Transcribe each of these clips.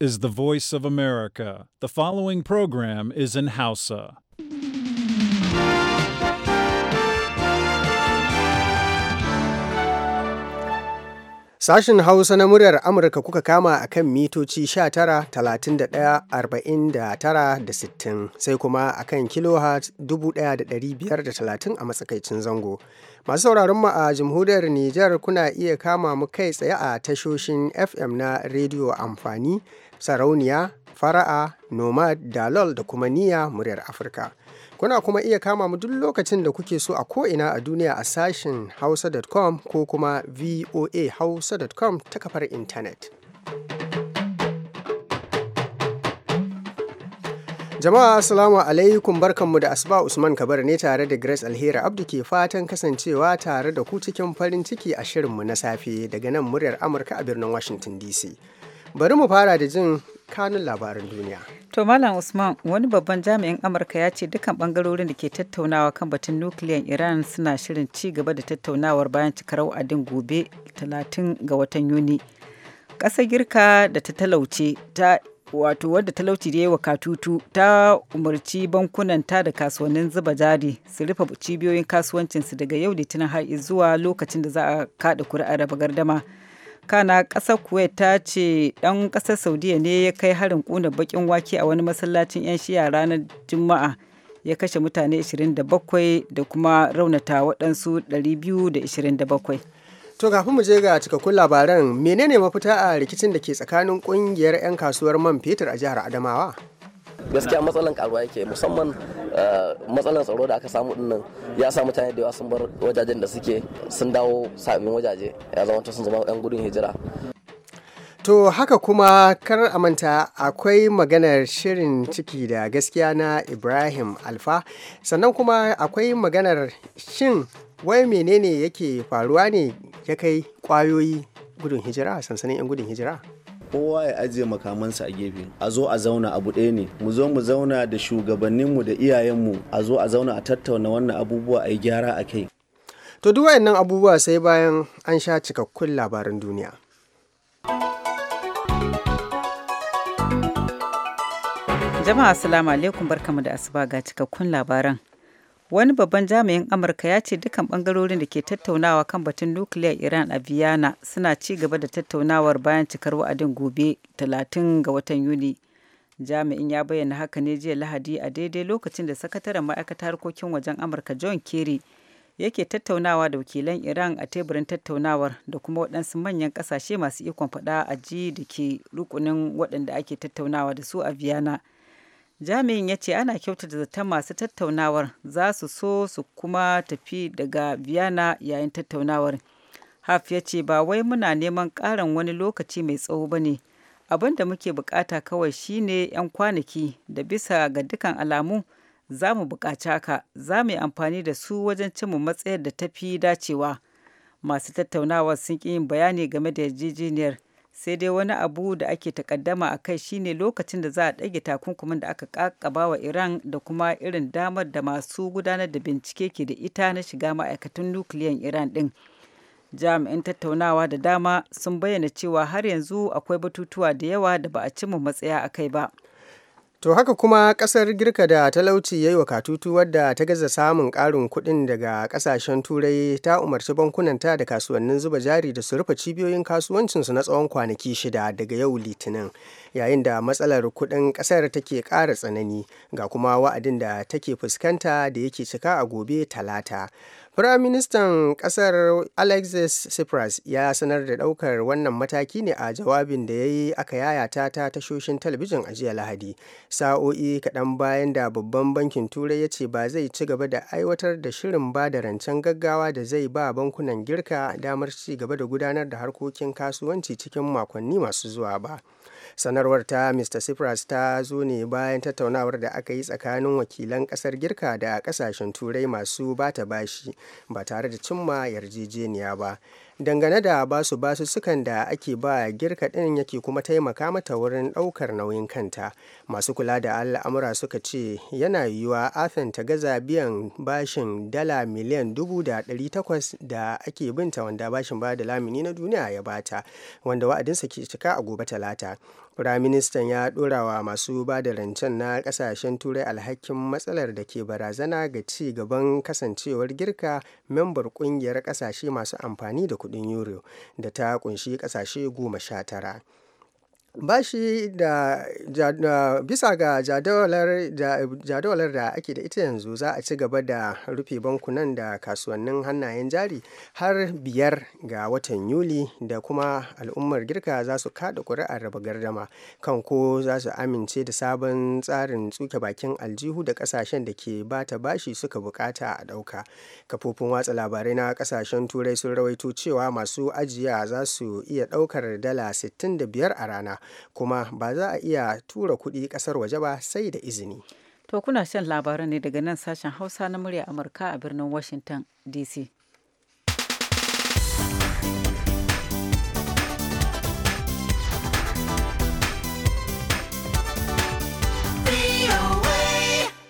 is the voice of America. The following program is in Hausa. Sashen Hausa na muryar Amurka kuka kama a kan mitoci 19, 31, 49 da 60 sai kuma a kan kilohertz 1530 a matsakaicin zango. Masu sauraron mu a jamhuriyar Nijar kuna iya kama mu kai tsaye a tashoshin FM na rediyo amfani, sarauniya, fara'a, nomad, dalol da kuma niya muryar Afirka. Kuna kuma iya kama mu duk lokacin da kuke so a ko'ina a duniya a sashin hausa.com ko kuma voa voahausa.com ta kafar intanet. Jama'a Assalamu alaikum barkanmu da asuba Usman Kabar ne tare da Grace Alheri Abdu ke fatan kasancewa tare da ku cikin farin ciki a shirinmu na safe daga nan muryar Amurka a birnin Washington DC. Bari mu fara da jin kanun labaran duniya. To Malam Usman wani babban jami'in Amurka ya ce dukkan bangarorin da ke tattaunawa kan batun nukiliyan Iran suna shirin ci gaba da tattaunawar bayan cikar wa'adin gobe 30 ga watan Yuni. Ƙasar Girka da ta talauce ta wato wadda talauci da yawa katutu ta umarci bankunan ta da kasuwannin zuba jari su rufe cibiyoyin kasuwancinsu daga yau litinin har zuwa lokacin da za a kada kuri'ar raba gardama kana ƙasar kuwait ta ce ɗan ƙasar saudiya ne ya kai harin kuna bakin wake a wani masallacin 'yan shiya ranar juma'a ya kashe mutane 27 da kuma raunata waɗansu 227 To kafin mu je ga cikakkun labaran menene mafita a rikicin da ke tsakanin kungiyar 'yan kasuwar man fetur a jihar Adamawa? gaskiya matsalan karuwa yake musamman eh, matsalan tsaro da aka samu dinnan ya sa mutane da yawa sun bar wajajen da suke sun dawo sabbin wajaje ya zama sun zama yan gudun hijira To haka kuma kar a manta akwai maganar shirin ciki da gaskiya na Ibrahim Alfa sannan kuma akwai maganar shin wai menene yake faruwa ne ya kai kwayoyi gudun hijira sansanin 'yan gudun hijira kowa ya ajiye makamansa a gefe a zo a zauna abu ɗaya ne mu zo mu zauna da shugabanninmu da iyayenmu a zo a zauna a tattauna wannan abubuwa a yi gyara a kai to duk wayannan abubuwa sai bayan an sha cikakkun labaran duniya jama'a assalamu alaikum barkamu da asuba ga cikakkun labaran wani babban jami'in amurka ya ce dukkan bangarorin da ke tattaunawa kan batun nukiliyar iran a vienna suna ci gaba da tattaunawar bayan cikar wa'adin gobe 30 ga watan yuni jami'in ya bayyana haka ne jiya lahadi a daidai lokacin da sakataren ma'aikatar harkokin wajen amurka john kerry yake tattaunawa da wakilan iran a teburin tattaunawar da kuma waɗansu manyan ƙasashe masu ikon faɗa a ji da ke rukunin waɗanda ake tattaunawa da su a vienna jami'in ya ce ana kyautata zaton masu tattaunawar za su so su kuma tafi daga Biyana yayin tattaunawar haf ya ce ba wai muna neman ƙarin wani lokaci mai tsawo ba ne abin da muke bukata kawai shine 'yan kwanaki da bisa ga dukkan alamu za mu buƙaci haka za mu yi amfani da su wajen cimma matsayar da tafi dacewa masu tattaunawar sun ƙi yin bayani game da yarjejeniyar sai dai wani abu da ake takaddama a kai shine lokacin da za a ɗage takunkumin da aka kakaba wa iran da kuma irin damar da masu gudanar da bincike ke da ita na shiga ma'aikatan nukiliyan iran ɗin jami'in tattaunawa da dama sun bayyana cewa har yanzu akwai batutuwa da yawa da ba a cimma matsaya a kai ba To haka kuma ƙasar Girka da talauci ya yi wa katutu wadda ta gaza samun ƙarin kuɗin daga ƙasashen Turai ta umarci bankunanta da kasuwannin zuba jari da su rufe cibiyoyin kasuwancinsu na tsawon kwanaki shida daga yau Litinin, yayin da matsalar kuɗin ƙasar take ƙara tsanani ga kuma wa'adin da take fuskanta da yake cika a gobe Talata. Firaministan ƙasar Alexis Tsipras ya sanar da ɗaukar wannan mataki ne a jawabin da ya yi aka yayata ta tashoshin talabijin a jiya Lahadi, sa'o'i kaɗan bayan da babban bankin Turai ya ce ba zai ci gaba da aiwatar da shirin ba da rancen gaggawa da zai ba bankunan Girka damar ci gaba da gudanar da harkokin kasuwanci cikin makonni masu zuwa ba. sanarwar ta mr cipras ta zo ne bayan tattaunawar da aka yi tsakanin wakilan kasar girka da kasashen turai masu bata bashi ba tare da cimma yarjejeniya ba dangane da basu basu sukan da ake ba girka ɗin yake kuma taimaka mata wurin ɗaukar nauyin kanta masu kula da al'amura suka ce yana yiwuwa afen ta gaza biyan bashin dala miliyan dubu da ɗari takwas da ake binta wanda bashin ba da lamini na duniya ya bata wanda wa'adinsa ke cika a gobe talata Firaministan ya ɗora wa masu ba da rancen na ƙasashen Turai alhakin matsalar da ke barazana ga ci gaban kasancewar Girka membar ƙungiyar ƙasashe masu amfani da kuɗin Euro, da ta ƙunshi ƙasashe goma sha tara. bashi da bisa ga jadawalar da ake da ita yanzu za a ci gaba da rufe bankunan da kasuwannin hannayen jari har biyar ga watan yuli da kuma al'ummar girka za su kada kuri'ar raba gardama kan ko za su amince da sabon tsarin tsuke bakin aljihu da kasashen da ke bata bashi suka bukata a dauka kafofin watsa labarai na kasashen turai sun rawaito cewa masu ajiya za su iya daukar dala 65 a rana kuma ba za a iya tura kuɗi ƙasar waje ba sai da izini. To kuna shan labaran ne daga nan sashen Hausa na murya Amurka a birnin Washington DC.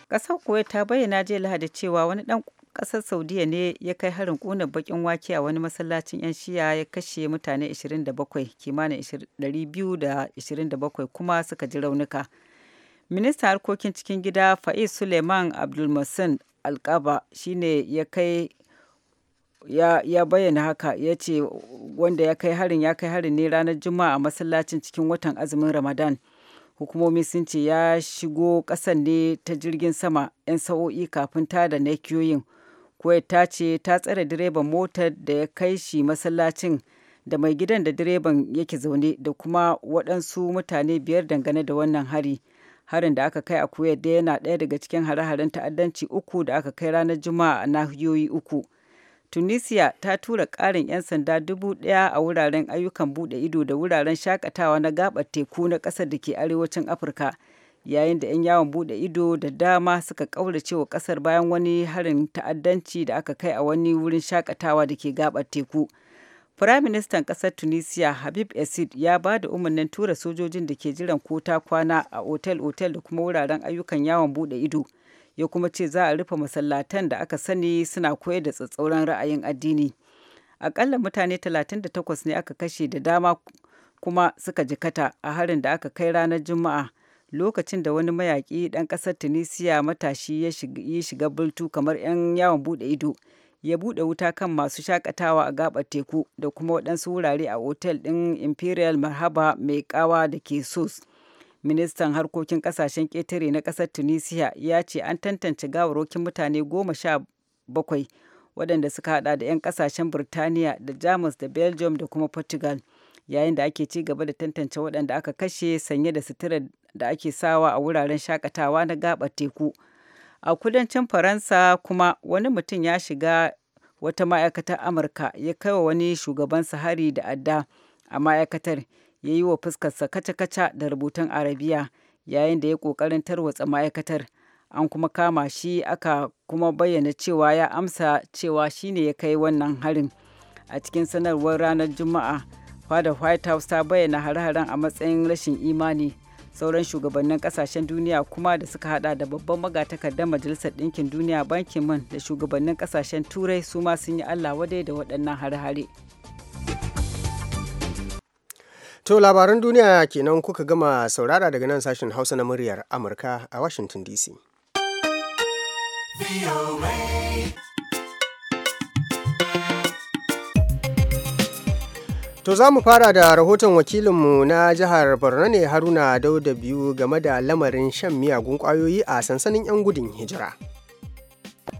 Ƙasar Kuwait ta bayyana jiya Lahadi cewa wani ɗan kasar saudiya ne ya kai harin kuna bakin wake a wani masallacin 'yan shiya ya kashe mutane 27 kimanin 227 kuma suka ji raunuka ministan harkokin cikin gida faiz suleiman abdulmasin alkaba shine ya kai ya, ya bayyana haka ya ce wanda ya kai harin ya kai harin ne ranar juma'a a masallacin cikin watan azumin ramadan hukumomi sun ce ya shigo kasan ne ta jirgin sama 'yan sa'o'i kafin tada na kiyoyin kuwait ta ce ta tsare direban motar da ya kai shi masallacin da mai gidan da direban yake zaune da kuma waɗansu mutane biyar dangane da wannan hari harin da aka kai a kuwait da yana ɗaya daga cikin hare-haren ta'addanci uku da aka kai ranar juma'a a nahiyoyi uku tunisia ta tura ƙarin 'yan sanda dubu ɗaya a wuraren ayyukan buɗe ido da wuraren shakatawa na gabar teku na ƙasar da ke arewacin afirka yayin da 'yan yawon bude ido da dama suka kaurace wa kasar bayan wani harin ta'addanci da aka kai a wani wurin shakatawa da ke gabar teku firaministan kasar tunisia habib esid ya ba da umarnin tura sojojin da ke jiran kota kwana a otel-otel da kuma wuraren ayyukan yawon bude ido ya kuma ce za a rufe masallatan da aka sani suna koyar da tsatsauran ra'ayin addini akalla mutane 38 ne aka kashe da dama kuma suka jikata a harin da aka kai ranar juma'a lokacin da wani mayaƙi ɗan ƙasar tunisia matashi ya shiga bultu kamar 'yan yawon buɗe ido ya buɗe wuta kan masu shakatawa a gabar teku da kuma waɗansu wurare a otel ɗin imperial marhaba mai kawa da ke sos ministan harkokin ƙasashen ƙetare na ƙasar tunisia ya ce an tantance gawarwakin mutane goma sha bakwai waɗanda suka hada da 'yan ƙasashen birtaniya da jamus da belgium da kuma portugal yayin da ake ci gaba da tantance waɗanda aka kashe sanye da suturar da ake sawa a wuraren shakatawa na gabar teku a kudancin faransa kuma wani mutum ya shiga wata ma'aikatar amurka ya kai wa wani shugaban sahari da adda a ma'aikatar ya yi wa fuskarsa kaca-kaca da rubutun arabiya yayin da ya ƙoƙarin tarwatsa ma'aikatar an kuma kama shi aka kuma bayyana cewa ya amsa cewa shine ya kai wannan harin a cikin sanarwar ranar juma'a fada white house ta bayyana har haren a matsayin rashin imani sauran shugabannin kasashen duniya kuma da suka hada da babban magatakardar majalisar ɗinkin duniya bankin man da shugabannin kasashen turai su ma sun yi allah wadai da waɗannan har hare to labaran duniya kenan kuka gama saurara daga nan sashen hausa na muryar amurka a washington dc To za mu fara da rahoton wakilinmu na jihar Borno ne Haruna Dauda biyu game da lamarin shan miyagun kwayoyi a sansanin 'yan gudun hijira.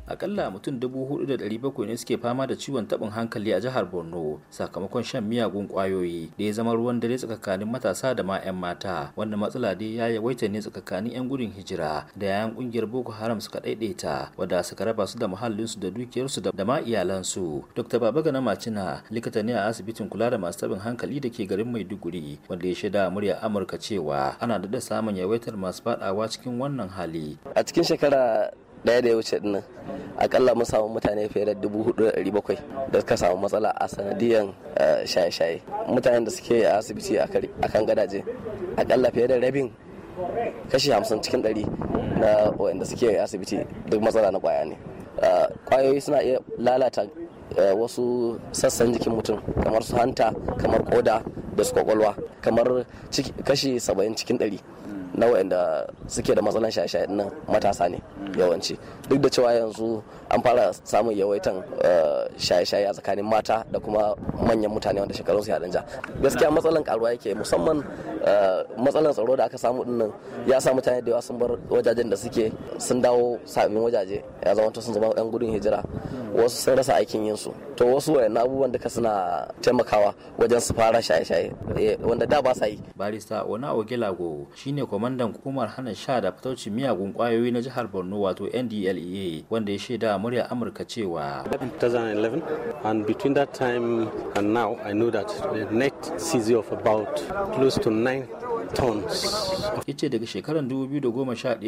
akalla mutum 4,700 ne suke fama da ciwon tabin hankali a jihar borno sakamakon shan miyagun kwayoyi da ya zama ruwan dare tsakanin matasa da ma 'yan mata wanda matsala dai ya yawaita ne tsakanin 'yan gudun hijira da yayan kungiyar boko haram suka daidaita wadda suka raba su da muhallinsu da dukiyarsu da ma iyalansu dr na macina likita ne a asibitin kula da masu tabin hankali da ke garin maiduguri wanda ya shaida murya amurka cewa ana da samun yawaitar masu fadawa cikin wannan hali a cikin shekara ɗaya da ya wuce dinnan akalla mun samu mutane fiye da dubu hudu da bakwai da suka samu matsala a sanadiyan eh, shaye-shaye mutanen da suke a asibiti a kan gadaje akalla fiye da rabin kashi hamsin cikin ɗari na wanda suke a asibiti duk matsala na kwaya ne kwayoyi eh, suna iya lalata eh, wasu sassan jikin mutum kamar su hanta kamar koda da su kwakwalwa kamar kashi saba'in cikin ɗari na waɗanda suke da matsalan shaye-shaye nan matasa ne yawanci duk da cewa yanzu an fara samun yawaitan eh, shaye-shaye a tsakanin mata da kuma manyan mutane wanda shekarun su ja gaskiya matsalan karuwa yake musamman eh, matsalan tsaro da aka samu dinnan ya sa mutane da yawa sun bar wajajen da suke sun dawo sabbin wajaje ya zama sun zama yan gudun hijira wasu sun rasa aikin yin su to wasu wa yana abubuwan ka suna taimakawa wajen su fara shaye-shaye eh, wanda da ba sa yi barista wani ogilago shine kwamandan hukumar hana sha da fitaucin miyagun kwayoyi na jihar borno wato ndlea wanda ya shaida murya amurka cewa 2011 and between that time and now i know that the net seizure of about close to 9 tons. Ya ce daga shekarar 2011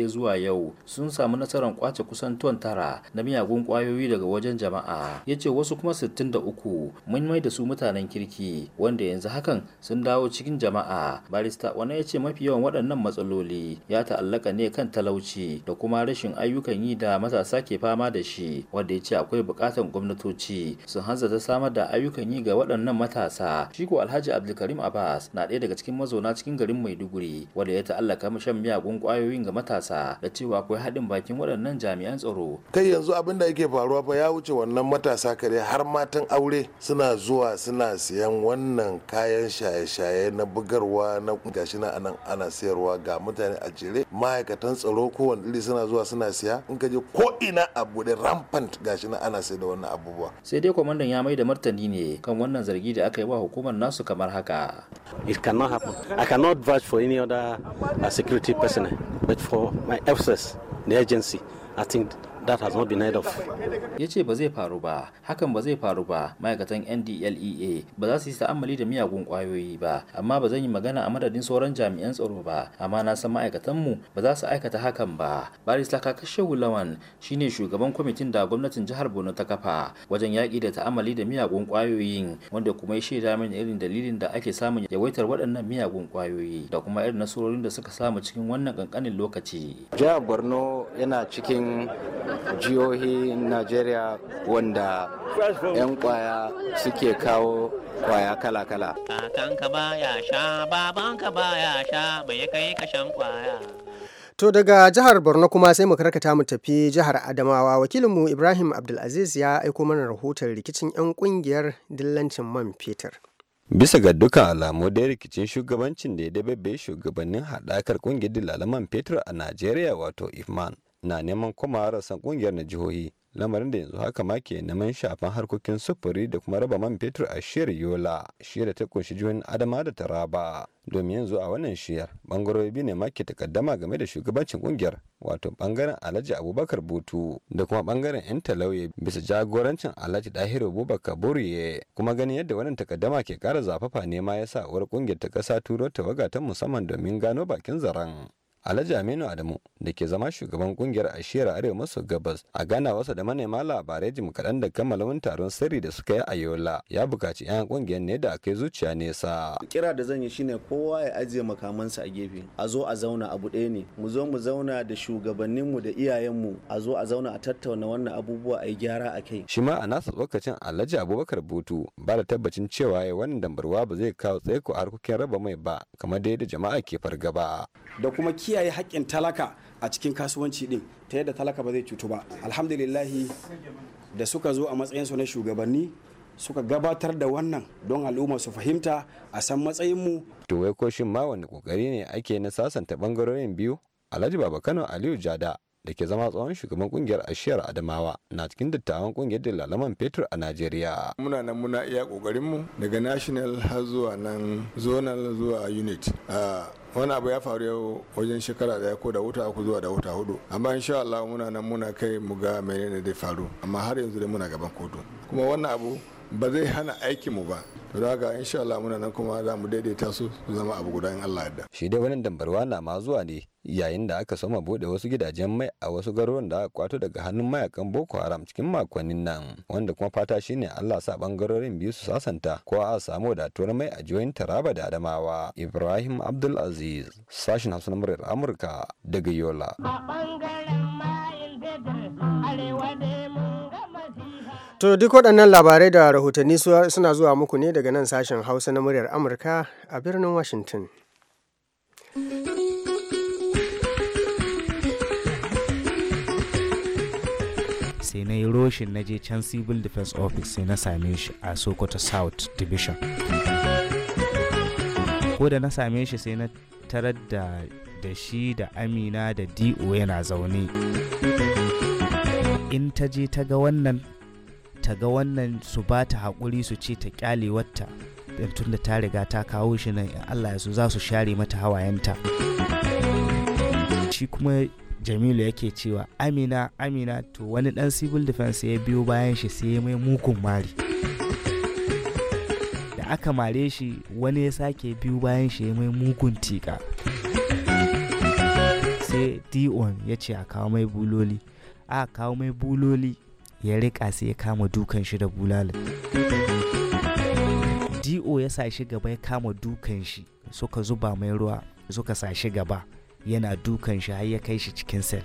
zuwa yau sun samu nasarar kwace kusan ton tara na miyagun kwayoyi daga wajen jama'a. Ya ce wasu kuma 63 mun mai da su mutanen kirki wanda yanzu hakan sun dawo cikin jama'a. Barista wani ya ce mafi yawan waɗannan matsaloli ya ta'allaka ne kan talauci da kuma rashin ayyukan yi da matasa ke fama da shi wanda ya ce akwai buƙatar gwamnatoci sun hanzarta samar da ayyukan yi ga waɗannan matasa. shiko Alhaji Abdulkarim Abbas na ɗaya daga cikin mazauna cikin garin mai maiduguri wanda ya ta'allaka mu shan miyagun kwayoyin ga matasa da cewa akwai haɗin bakin waɗannan jami'an tsaro kai yanzu abin da yake faruwa fa ya wuce wannan matasa kare har matan aure suna zuwa suna siyan wannan kayan shaye-shaye na bugarwa na gashi na anan ana sayarwa ga mutane a jere ma'aikatan tsaro wani iri suna zuwa suna siya in ka je ko ina a buɗe rampant gashi na ana sayar da wannan abubuwa sai dai kwamandan ya mai da martani ne kan wannan zargi da aka yi wa hukumar nasu kamar haka it cannot happen i cannot vouch for any other uh, security personnel, but for my officers, the agency, I think that has not been heard of ya ce ba zai faru ba hakan ba zai faru ba ma'aikatan ndlea ba za su yi ta'ammali da miyagun kwayoyi ba amma ba zan yi magana a madadin sauran jami'an tsaro ba amma na san ma'aikatanmu ba za su aikata hakan ba barista kakashewu lawan ne shugaban kwamitin da gwamnatin jihar borno ta kafa wajen yaƙi da ta'amali da miyagun kwayoyin wanda kuma ya shaida mini irin dalilin da ake samun yawaitar waɗannan miyagun kwayoyi da kuma irin nasarorin da suka samu cikin wannan kankanin lokaci jihar borno yana cikin jihohin najeriya wanda 'yan kwaya suke kawo kwaya kala-kala kakanka baya sha babanka baya sha bai kai kashen kwaya To daga jihar Borno kuma sai mu karkata mu tafi jihar Adamawa wakilinmu Ibrahim Abdulaziz ya aiko mana rahoton rikicin 'yan kungiyar dillancin man fetur. bisa ga duka alamu dai rikicin shugabancin da ya dabe shugabannin haɗakar ƙungiyar man fetur a najeriya wato ifman na neman komawa rasan kungiyar na jihohi lamarin da yanzu haka ma ke neman shafan harkokin sufuri da kuma raba man fetur a shiyar yola shiyar ta kunshi jihohin adama da taraba domin yanzu a wannan shiyar bangarori biyu ne ma ke takaddama game da shugabancin kungiyar wato bangaren alhaji abubakar butu da kuma bangaren yan talauye bisa jagorancin alhaji dahiru abubakar buriye kuma ganin yadda wannan takaddama ke kara zafafa ne ma yasa uwar kungiyar ta kasa turo tawaga ta musamman domin gano bakin zaren Alhaji Aminu Adamu da ke zama shugaban kungiyar Ashira Arewa maso gabas a gana wasa da manema labarai jim kaɗan da kammala wani taron sirri da suka yi a Yola ya bukaci 'yan kungiyar ne da aka yi zuciya nesa. Kira da zan yi shine kowa ya ajiye makamansa a gefe a zo a zauna a ɗaya ne mu zo mu zauna da shugabanninmu da iyayenmu a zo a zauna a tattauna wannan abubuwa a yi gyara a kai. Shi ma a nasa tsokacin Alhaji Abubakar Butu ba da tabbacin cewa ya wannan dambarwa ba zai kawo tsaiko a harkokin raba mai ba kamar da jama'a ke fargaba. Da kuma kiyaye hakkin talaka a cikin kasuwanci din ta yadda talaka ba zai cutu ba alhamdulillahi da suka zo a matsayinsu na shugabanni suka gabatar da wannan don al'umma su fahimta a san matsayinmu. To wai ko shin ma wani kokari ne ake na sasanta bangarorin biyu? Alhaji Baba Kano Aliyu Jada da ke zama tsohon shugaban kungiyar ashiyar Adamawa na cikin dattawan kungiyar dalalaman fetur a Najeriya. Muna nan muna iya kokarin mu daga national har zuwa nan zonal zuwa unit. Ah, wani abu ya faru yau wajen shekara daya ko da wuta uku zuwa da wuta hudu amma insha Allah muna nan muna kai mu ga menene da faru amma har yanzu dai muna gaban kotu kuma wannan abu ba zai hana aikin mu ba to da insha Allah muna nan kuma za mu daidaita su zama abu guda in Allah yarda shi dai wannan dambarwa na ma zuwa ne yayin da aka soma bude wasu gidajen mai a wasu garuruwan da aka kwato daga hannun mayakan Boko Haram cikin makonnin nan wanda kuma fata shine Allah sa bangarorin biyu su sasanta ko a samu wadatuwar mai a jihohin Taraba da Adamawa Ibrahim Abdul Aziz sashin Hausa na Amurka daga Yola a bangaren mayin arewa da mu To duk waɗannan labarai da rahotanni suna zuwa muku ne daga nan sashen Hausa na muryar Amurka a birnin Washington. sai na yi roshin na je can civil defense office sai na same shi a sokoto south division ko da na same shi sai na tarar da da shi da amina da do yana zaune in ta je ta ga wannan ta ga wannan su ba ta haƙuri su ce ta ƙyale wata tun da ta riga ta kawo shi nan in Allah ya so za su share mata hawayenta shi kuma jamilu yake cewa amina amina to wani dan civil defense ya biyo bayan shi sai ya mai mugun mari da aka mare shi wani ya sake biyo bayan shi ya mai mugun tika sai dion ya ce a kawo mai buloli a kawo mai buloli ya rika sai ya kama dukan shi da bulala do ya sa shi gaba ya kama dukan shi suka zuba mai ruwa suka sa shi gaba yana dukan shi har ya kai shi cikin sel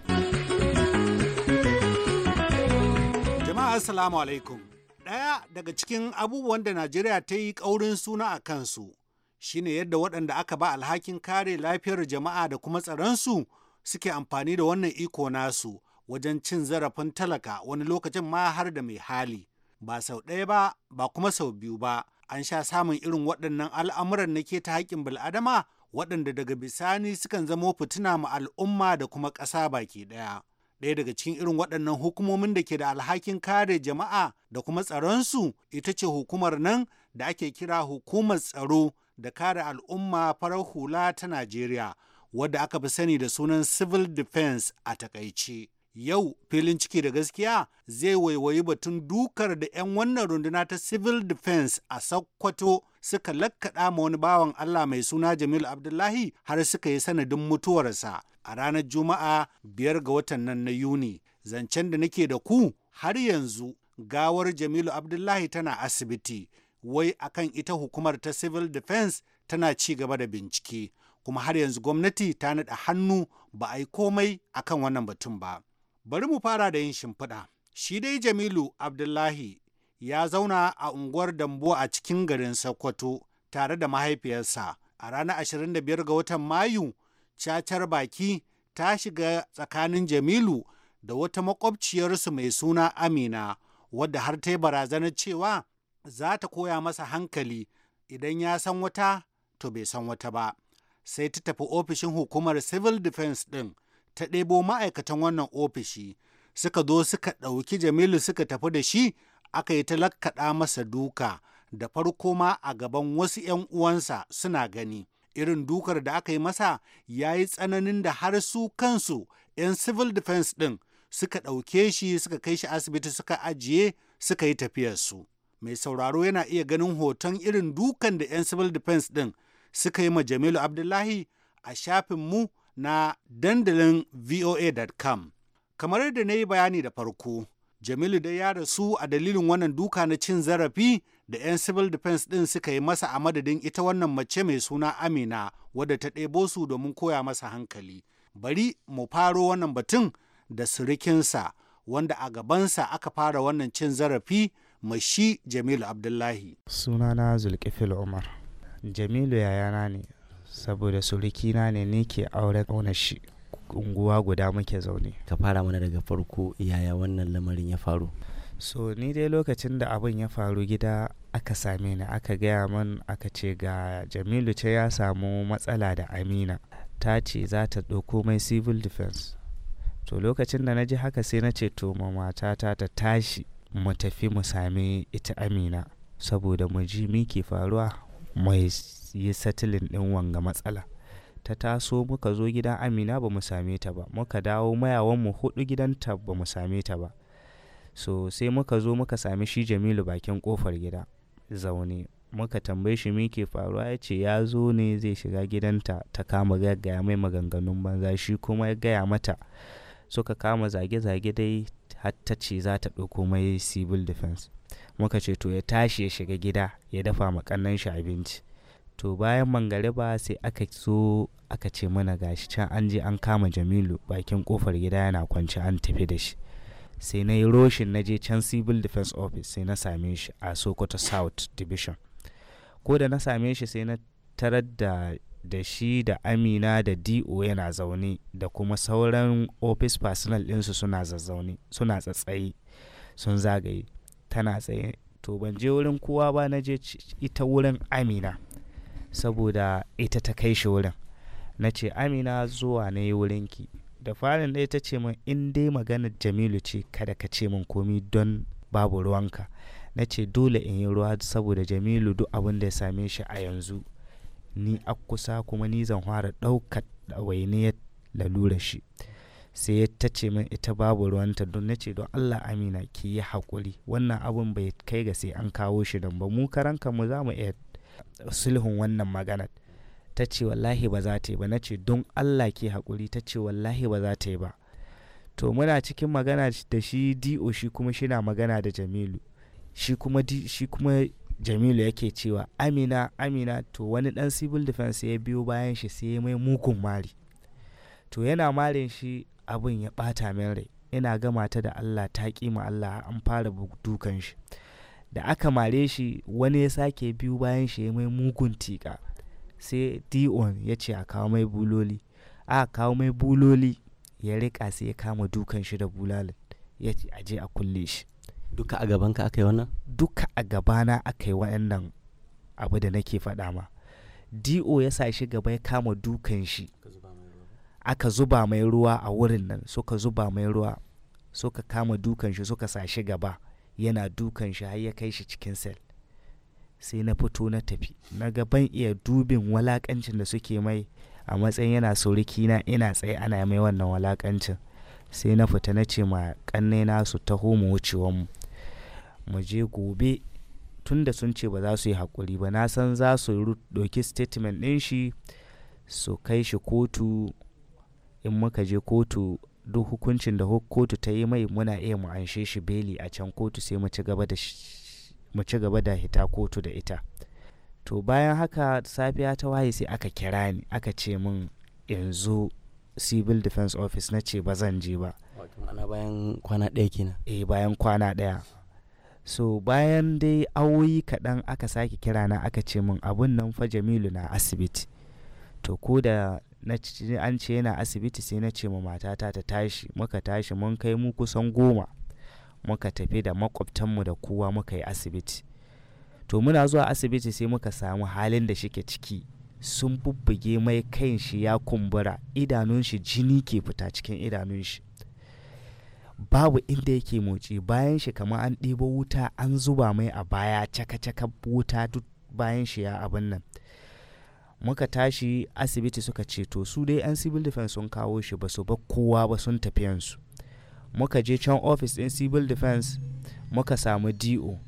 jama'a assalamu alaikum ɗaya daga cikin abubuwan da najeriya ta yi ƙaurin suna a kansu shine yadda waɗanda aka ba alhakin kare lafiyar jama'a da kuma tsaronsu suke amfani da wannan iko nasu wajen cin zarafin talaka wani lokacin ma har da mai hali ba sau ɗaya ba ba kuma sau biyu ba an sha samun irin waɗannan al'amuran na ke ta haƙƙin bil'adama waɗanda daga bisani sukan zamo fitina ma al'umma da kuma ƙasa baki ɗaya. Ɗaya daga cikin irin waɗannan hukumomin da ke da alhakin kare jama'a da kuma tsaronsu ita ce hukumar nan da ake kira hukumar tsaro da kare al'umma farar hula ta Najeriya wadda aka fi sani da sunan Civil Defense a takaice. Yau filin ciki da gaskiya zai waiwayi batun dukar da 'yan wannan runduna ta Civil Defense a sakkwato suka lakkaɗa ma wani bawan Allah mai suna Jamilu Abdullahi har suka yi sanadin mutuwarsa a ranar Juma'a biyar ga watan nan na Yuni. Zancen da nake da ku har yanzu gawar Jamilu Abdullahi tana asibiti, wai akan ita hukumar ta Civil Defense tana ci gaba da bincike. kuma har yanzu gwamnati ta naɗa hannu ba a yi komai akan wannan batun ba. Bari mu fara da yin shimfiɗa. Shi dai Jamilu Abdullahi ya zauna a unguwar Dambo a cikin garin Sokoto tare da mahaifiyarsa. A ranar 25 ga watan Mayu, cacar baki ta shiga tsakanin Jamilu da wata makwabciyarsu mai suna Amina, wadda har ta yi barazanar cewa za ta koya masa hankali idan ya san wata to bai san wata ba. Sai ta tafi ofishin hukumar Civil Defense ɗin ta ɗebo ma'aikatan wannan ofishi suka zo suka ɗauki Jamilu suka tafi da shi aka yi talakkaɗa masa duka da farko ma a gaban wasu 'yan uwansa suna gani. Irin dukar da aka yi masa ya yi tsananin da har su kansu 'yan civil defense ɗin suka ɗauke shi suka kai shi asibiti suka ajiye suka yi tafiyarsu. Mai sauraro yana iya ganin hoton irin dukan da 'yan civil defense ɗin suka yi ma Jamilu Abdullahi a shafin mu na dandalin voa.com. Kamar yadda na yi bayani da farko, Jamilu dai ya rasu a dalilin wannan duka na cin zarafi da 'yan civil defense ɗin suka yi masa a madadin ita wannan mace mai suna Amina wadda ta ɗebo su domin koya masa hankali. Bari mu faro wannan batun da sirikinsa wanda a gabansa aka fara wannan cin zarafi mai shi Jamilu Abdullahi. Sunana Zulkifil Umar. Jamilu yayana ne saboda surukina ne ni ke aure shi unguwa guda muke zaune ka fara mana daga farko yaya wannan lamarin ya faru so ni dai lokacin da abin ya faru gida aka same ni aka gaya min aka ce ga jamilu ce ya samu matsala da amina ta ce za ta ɗauko mai civil defense to lokacin da na ji haka sai na ce to ma matata ta tashi mu tafi mu same ita amina saboda mu ji mi ke faruwa mai yi settling ɗin wanga matsala ta taso muka zo gidan amina ba mu same ta ba muka dawo mayawan mu hudu gidanta ba mu same ta ba so sai muka zo muka sami shi jamilu bakin kofar gida zaune muka tambaye shi me ke faruwa ya ce ya zo ne zai shiga gidanta ta kama gaggaya mai maganganun banza shi kuma ya gaya mata suka kama zage-zage dai har ta ce za ta ɗauko mai civil defense muka ce to ya tashi ya shiga gida ya dafa makannan shi abinci to bayan mangariba sai aka so aka ce mana gashi can an je an kama jamilu bakin kofar gida yana kwance an tafi da shi sai na yi roshin na je can civil defense office sai na same shi a sokoto south division ko da na same shi sai na tarar da da shi da amina da do yana zaune da kuma sauran office personal ɗinsu suna zazzaune suna tsatsaye sun zagaye tana tsaye to ban je wurin kowa ba na je ita wurin amina saboda ita ta kai shi wurin na ce amina zuwa na yi wurinki da farin ɗaya ta ce min in dai maganar jamilu ce kada ka ce min komi don babu ruwanka na ce dole in yi ruwa saboda jamilu duk abin da ya same shi a yanzu ni a kusa kuma ni zan fara ɗaukar ɗawainiyar lalura shi sai ta ce min ita babu ruwanta don na ce don allah amina ki yi haƙuri wannan abin bai kai ga sai an kawo shi don ba mu karanka mu za mu iya sulhun wannan maganar ta ce wallahi ba za ta yi ba na ce don allah ke haƙuri ta ce wallahi ba za ta yi ba to muna cikin magana da shi do shi kuma shi na magana da jamilu shi kuma shi kuma jamilu yake cewa amina amina to wani dan civil defense ya biyo bayan shi sai ya mai mugun mari to yana marin shi abin ya bata min rai ina gama ta da allah ta kima allah an fara dukan shi da aka mare shi wani ya sake biyu bayan shi mai mugun tika sai dion ya ce a kawo mai buloli a kawo mai buloli ya rika sai ya kama dukan shi da bulalin ya ce a je a kulle shi duka a gabanka aka yi wannan duka a gabana aka yi wa'annan abu da nake faɗa ma do ya sa shi gaba ya kama dukan shi aka zuba mai ruwa a wurin nan suka zuba mai ruwa suka kama dukan shi suka sa shi gaba yana dukan shi har ya kai shi cikin sel sai na fito na tafi na gaban iya dubin walakancin da suke mai a matsayin yana sauriki na ina tsaye ana mai wannan walakancin sai na fita na ce ma kanne na su taho mu wucewan mu mu je gobe tun da sun ce ba za su yi haƙuri ba na san za su ɗauki statement ɗin shi su kai shi kotu in muka je kotu duk hukuncin da kotu ta yi mai muna iya mu anshe shi beli a can kotu sai mu ci gaba da hita kotu da ita to bayan haka safiya ta waye sai aka kira ni aka ce min yanzu civil defense office na ce ba zan je ba bayan kwana ɗaya kina eh bayan kwana ɗaya so bayan dai awoyi kaɗan aka sake kira na aka ce min abun nan fa jamilu na asibiti to ko da na an ce yana asibiti sai na ce ma matata ta tashi muka tashi mun kai mu kusan goma muka tafi da makwabtanmu da kowa muka yi asibiti to muna zuwa asibiti sai muka samu halin da shike ciki sun bubbuge mai kan shi ya kumbura idanun shi jini ke fita cikin idanun shi babu inda yake motsi bayan shi kamar an ɗebo wuta an zuba mai a baya caka-caka wuta duk bayan shi ya abin nan muka tashi asibiti suka ce to su dai 'yan civil defense sun kawo shi ba su ba kowa ba sun tafi yansu muka je can office ɗin civil defense muka samu do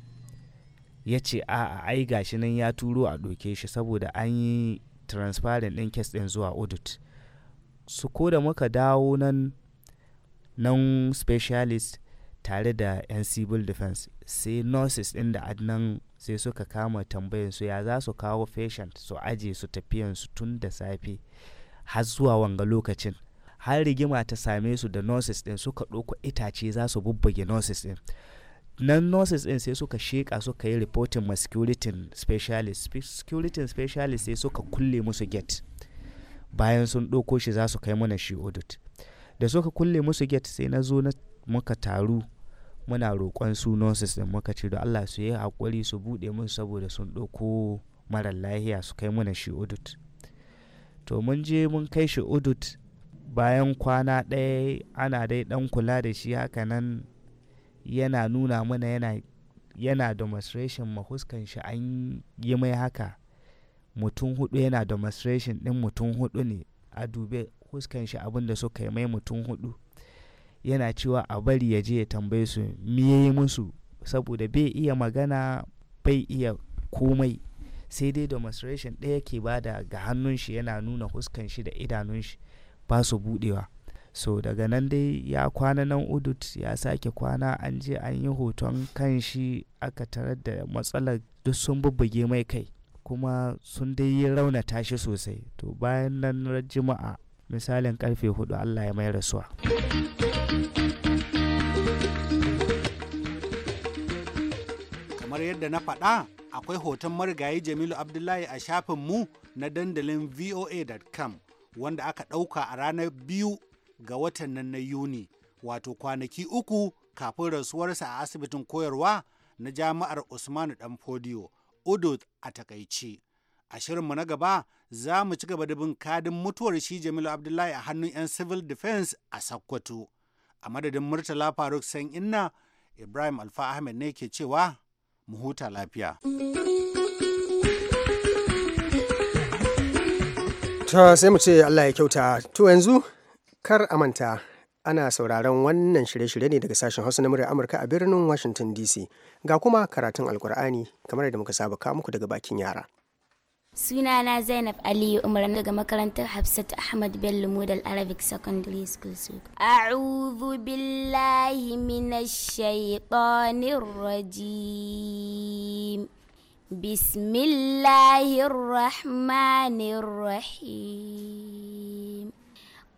ya ce a ai gashi nan ya turo a ɗoke shi saboda an yi transparent ɗin case ɗin zuwa audit su ko da muka dawo nan nan specialist tare da 'yan civil defense sai nurses din da adnan sai suka kama tambayin su ya za su kawo patient su aje su tafiyan su tun da safe har zuwa wanga lokacin har rigima ta same su da nurses din suka ɗauko itace za su bubbuge nurses din nan nurses din sai suka sheka suka yi reporting ma security specialist security specialist sai suka kulle musu gate bayan sun ɗauko shi za su kai mana shi audit da suka kulle musu gate sai na zo na muka taru muna roƙon su nurses da muka ce da Allah su yi haƙuri su buɗe mun saboda sun ɗauko marar lahiya su kai mana shi udut to mun je mun kai shi udut bayan kwana ɗaya ana dai ɗan kula da shi haka nan yana nuna mana yana yana demonstration mahuskan shi an yi mai haka mutum hudu yana demonstration ɗin mutum hudu ne a dube huskan shi abin suka yi mai mutum hudu yana cewa a bari ya je ya tambaye su miye musu saboda bai iya magana bai iya komai sai dai demonstration ɗaya ke bada ga hannun shi yana nuna huskan shi da idanun shi ba su budewa so daga nan dai ya kwana nan udut ya sake kwana an je an yi hoton kan shi aka tarar da matsalar duk sun bubbuge mai kai kuma sun dai yi raunata shi sosai to bayan nan juma'a misalin karfe 4 allah ya mai rasuwa kamar yadda na faɗa akwai hoton marigayi jamilu abdullahi a shafin mu na dandalin voa.com wanda aka ɗauka a ranar biyu ga watan nan na yuni wato kwanaki uku kafin rasuwarsa a asibitin koyarwa na jami'ar usmanu danfodiyo udud a takaice A shirinmu na gaba za mu ci gaba da bin kadin mutuwar shi Jamilu Abdullahi a hannun 'yan Civil Defense a sakkwato A madadin Murtala Faruk San Inna, Ibrahim Alfa Ahmed ne ke cewa mu huta lafiya. ta sai mu ce Allah ya kyauta. To yanzu kar a manta ana sauraron wannan shirye-shirye ne daga sashen Hausa na muryar Amurka a birnin Washington DC. Ga kuma karatun Alkur'ani kamar da muka saba kamuku muku daga bakin yara. أنا زينب علي أمرا نجا مكران حبسة أحمد بن لمود الأرابيك سكندري سكول أعوذ بالله من الشيطان الرجيم بسم الله الرحمن الرحيم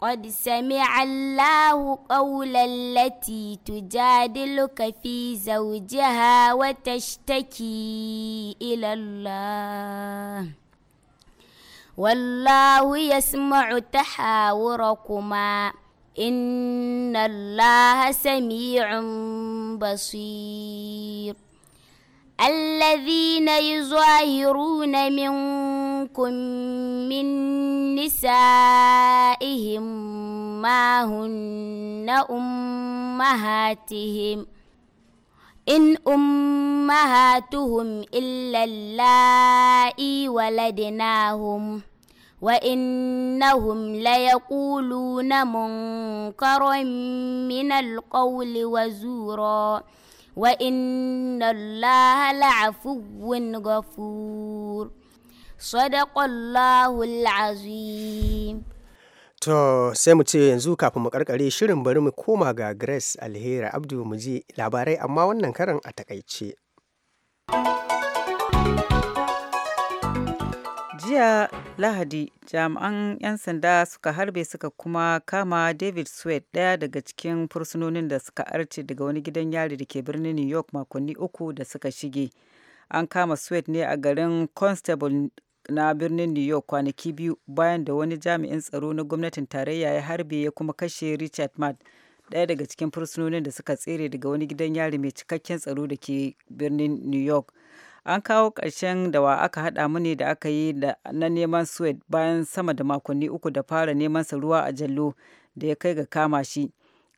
قد سمع الله قول التي تجادلك في زوجها وتشتكي إلى الله والله يسمع تحاوركما إن الله سميع بصير الذين يظاهرون منكم من نسائهم ما هن أمهاتهم إن أمهاتهم إلا اللائي ولدناهم وإنهم ليقولون منكرا من القول وزورا وإن الله لعفو غفور صدق الله العظيم To sai mu ce yanzu kafin mu karkare shirin bari mu koma ga Grace Alheri Abdu mu ji labarai amma wannan karan a takaice. jiya lahadi jami'an 'yan sanda suka harbe suka kuma kama david swede daya daga cikin fursunonin da suka arce daga wani gidan yari da ke birnin new york makonni uku da suka shige an kama swede ne a garin constable na birnin new york kwanaki biyu bayan da wani jami'in tsaro na gwamnatin tarayya ya harbe ya kuma kashe richard mad daya daga cikin fursunonin da suka tsere daga wani gidan yari mai cikakken tsaro da ke birnin new york an kawo ƙarshen da wa aka haɗa mu da aka yi na neman suwed bayan sama da makonni uku da fara neman sa ruwa a jallo da ya kai ga kama shi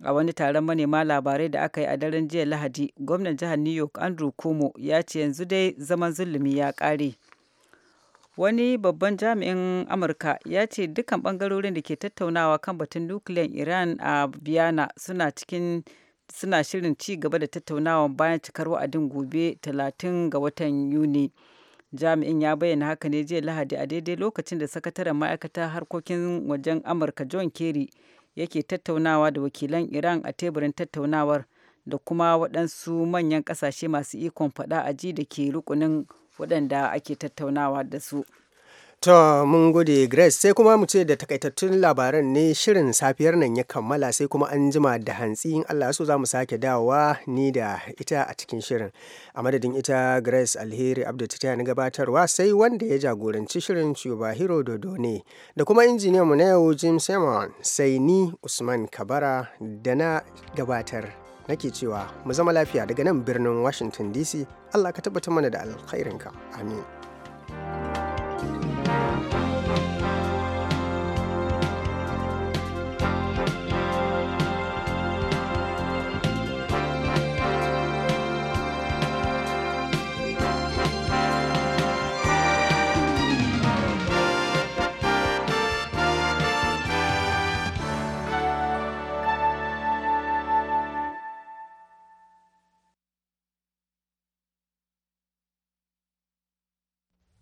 a wani taron manema labarai da aka yi a daren jiya lahadi gwamnan jihar new york andrew cuomo ya ce yanzu dai zaman zulumi ya ƙare wani babban jami'in amurka ya ce dukkan bangarorin da ke tattaunawa kan batun nukiliyan iran a biyana suna cikin suna shirin ci gaba da tattaunawa bayan cikar wa'adin gobe 30 ga watan yuni jami'in ya bayyana haka ne jiya lahadi a daidai lokacin da sakataren ma'aikatar harkokin wajen amurka john kerry yake tattaunawa da wakilan iran a teburin tattaunawar da kuma waɗansu manyan ƙasashe masu ikon faɗa a ji da ke rukunin waɗanda ake tattaunawa da su. To mun gode Grace sai kuma mu ce da takaitattun labaran ne shirin safiyar nan ya kammala sai kuma an jima da hantsi in Allah so za mu sake dawowa ni da ita a cikin shirin. A madadin ita Grace Alheri Abdu ta na gabatarwa sai wanda ya jagoranci shirin hero Dodo ne da kuma injiniyan mu na yau Jim Simon sai ni Usman Kabara da na gabatar. Nake cewa mu zama lafiya daga nan birnin Washington DC Allah ka tabbatar mana da alkhairinka. Amin.